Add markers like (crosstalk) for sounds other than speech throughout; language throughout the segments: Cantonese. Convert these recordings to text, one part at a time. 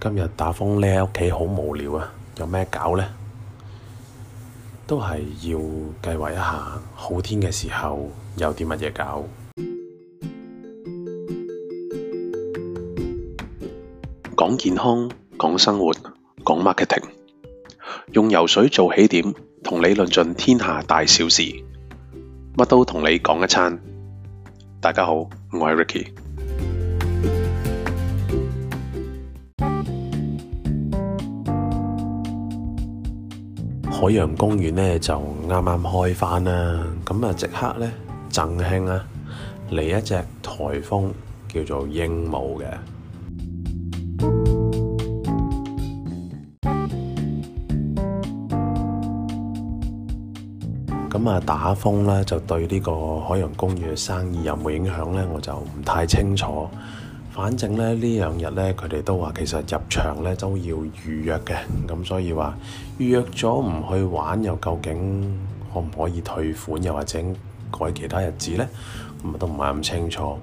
今日打風，匿喺屋企好無聊啊！有咩搞呢？都係要計劃一下好天嘅時候有啲乜嘢搞。講健康，講生活，講 marketing，用游水做起點，同你論盡天下大小事，乜都同你講一餐。大家好，我係 Ricky。海洋公園咧就啱啱開返啦，咁啊即刻咧震興啦，嚟一隻颱風叫做鸚鵡嘅，咁啊、嗯、打風咧就對呢個海洋公園嘅生意有冇影響咧，我就唔太清楚。反正咧呢兩日咧，佢哋都話其實入場咧都要預約嘅，咁、嗯、所以話預約咗唔去玩，又究竟可唔可以退款，又或者改其他日子呢？咁、嗯、都唔係咁清楚。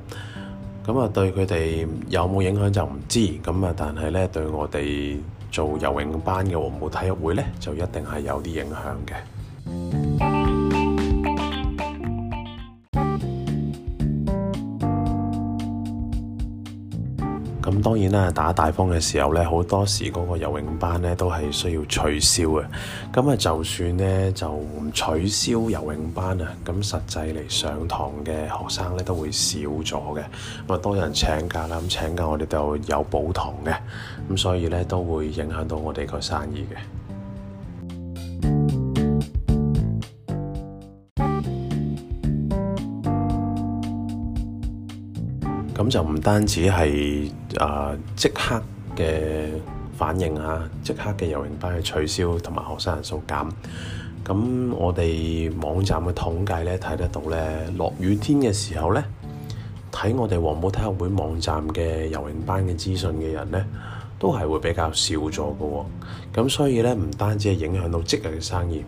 咁、嗯、啊對佢哋有冇影響就唔知，咁、嗯、啊但係呢，對我哋做游泳班嘅黃埔體育會呢，就一定係有啲影響嘅。打大風嘅時候呢，好多時嗰個游泳班呢都係需要取消嘅。咁啊，就算呢就唔取消游泳班啊，咁實際嚟上堂嘅學生呢都會少咗嘅。咁啊，多人請假啦，咁請假我哋就有補堂嘅。咁所以呢都會影響到我哋個生意嘅。咁就唔單止係啊即刻嘅反應啊，即刻嘅游泳班嘅取消同埋學生人數減。咁我哋網站嘅統計咧睇得到咧，落雨天嘅時候咧，睇我哋黃埔體育會網站嘅游泳班嘅資訊嘅人咧，都係會比較少咗嘅喎。咁所以咧，唔單止係影響到即日嘅生意，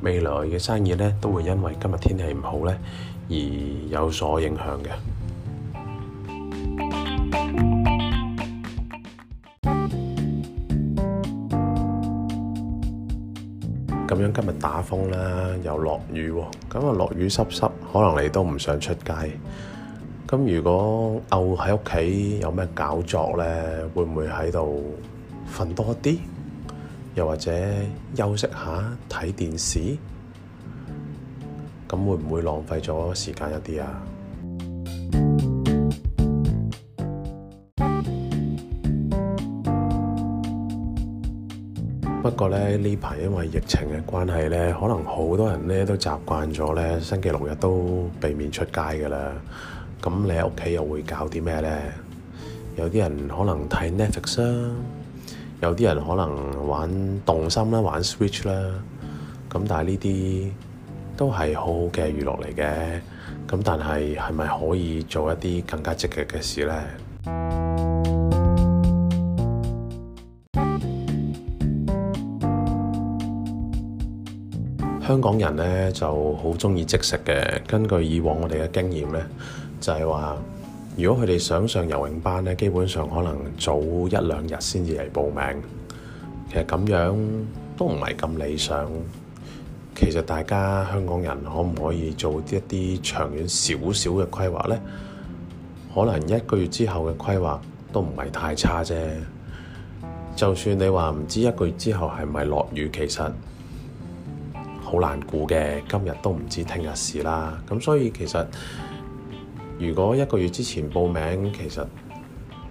未來嘅生意咧都會因為今日天氣唔好咧而有所影響嘅。咁樣今日打風啦，又落雨，咁啊落雨濕濕，可能你都唔想出街。咁如果漚喺屋企有咩搞作咧，會唔會喺度瞓多啲？又或者休息下睇電視？咁會唔會浪費咗時間一啲啊？不過呢，呢排因為疫情嘅關係呢可能好多人呢都習慣咗呢星期六日都避免出街嘅啦。咁你喺屋企又會搞啲咩呢？有啲人可能睇 Netflix 啦，有啲人可能玩動森啦，玩 Switch 啦。咁但係呢啲都係好好嘅娛樂嚟嘅。咁但係係咪可以做一啲更加積極嘅事呢？香港人呢就好中意即食嘅。根據以往我哋嘅經驗呢，就係話，如果佢哋想上游泳班呢，基本上可能早一兩日先至嚟報名。其實咁樣都唔係咁理想。其實大家香港人可唔可以做啲一啲長遠少少嘅規劃呢？可能一個月之後嘅規劃都唔係太差啫。就算你話唔知一個月之後係唔係落雨，其實好難估嘅，今日都唔知聽日事啦。咁所以其實，如果一個月之前報名，其實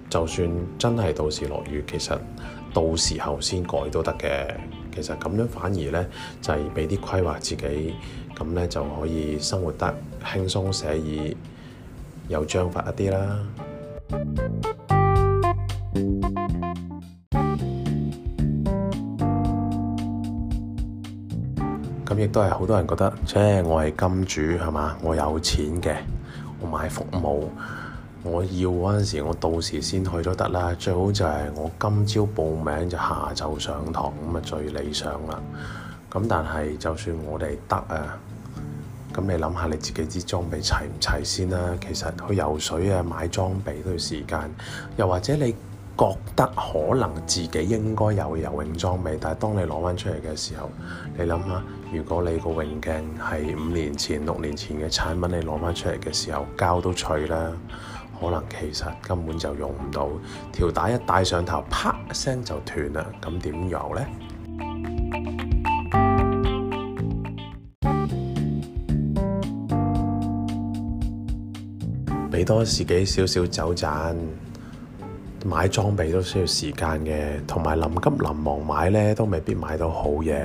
就算真係到時落雨，其實到時候先改都得嘅。其實咁樣反而呢，就係俾啲規劃自己，咁呢就可以生活得輕鬆寫意，有章法一啲啦。亦都係好多人覺得，即係我係金主係嘛，我有錢嘅，我買服務，我要嗰陣時，我到時先去都得啦。最好就係我今朝報名就下晝上堂咁啊，最理想啦。咁但係就算我哋得啊，咁你諗下你自己啲裝備齊唔齊先啦。其實去游水啊，買裝備都要時間，又或者你，覺得可能自己應該有游泳裝備，但係當你攞翻出嚟嘅時候，你諗下，如果你個泳鏡係五年前、六年前嘅產品，你攞翻出嚟嘅時候，膠都脆啦，可能其實根本就用唔到。條帶一戴上頭，啪一聲就斷啦，咁點游呢？俾 (music) 多自己少少走盞。買裝備都需要時間嘅，同埋臨急臨忙買呢都未必買到好嘢。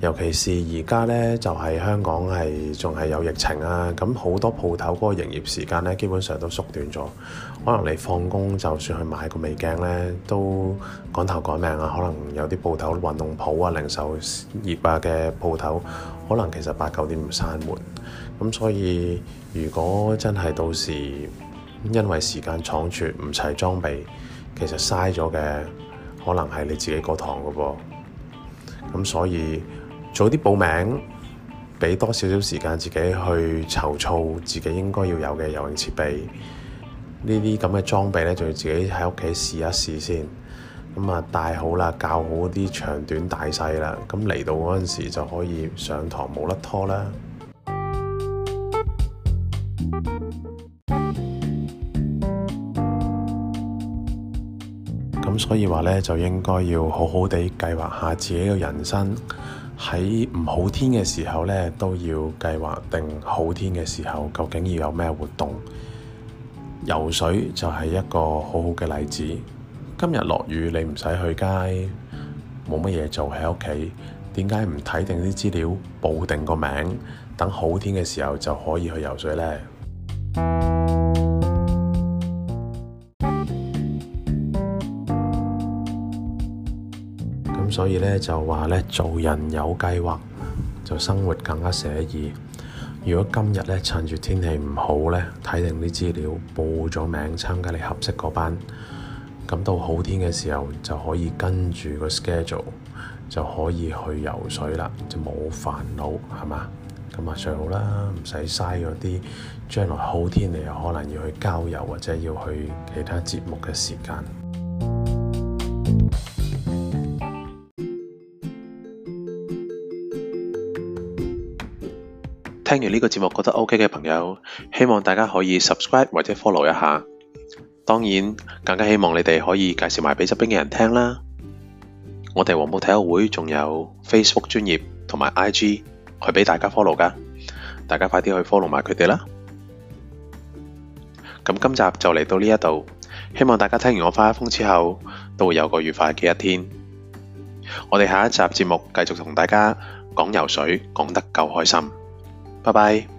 尤其是而家呢，就係、是、香港係仲係有疫情啊，咁好多鋪頭嗰個營業時間呢基本上都縮短咗。可能你放工就算去買個味鏡呢，都趕頭趕命啊。可能有啲鋪頭、運動鋪啊、零售業啊嘅鋪頭，可能其實八九點唔閂門。咁所以如果真係到時，因為時間倉促，唔齊裝備，其實嘥咗嘅可能係你自己個堂嘅噃。咁所以早啲報名，俾多少少時間自己去籌措自己應該要有嘅游泳設備。呢啲咁嘅裝備呢，就要自己喺屋企試一試先。咁啊，戴好啦，較好啲長短大細啦。咁嚟到嗰陣時就可以上堂冇甩拖啦。咁所以話咧，就應該要好好地計劃下自己嘅人生。喺唔好天嘅時候咧，都要計劃定好天嘅時候，究竟要有咩活動。游水就係一個好好嘅例子。今日落雨，你唔使去街，冇乜嘢做喺屋企。點解唔睇定啲資料，報定個名，等好天嘅時候就可以去游水咧？所以咧就話咧，做人有計劃就生活更加寫意。如果今日咧趁住天氣唔好咧，睇定啲資料，報咗名參加你合適嗰班，咁到好天嘅時候就可以跟住個 schedule 就可以去游水啦，就冇煩惱，係嘛？咁啊最好啦，唔使嘥嗰啲將來好天你又可能要去郊遊或者要去其他節目嘅時間。聽完呢個節目覺得 O K 嘅朋友，希望大家可以 subscribe 或者 follow 一下。當然，更加希望你哋可以介紹埋俾側邊嘅人聽啦。我哋黃埔體育會仲有 Facebook 專業同埋 I G 去俾大家 follow 噶，大家快啲去 follow 埋佢哋啦。咁今集就嚟到呢一度，希望大家聽完我花一風之後都會有個愉快嘅一天。我哋下一集節目繼續同大家講游水，講得夠開心。拜拜。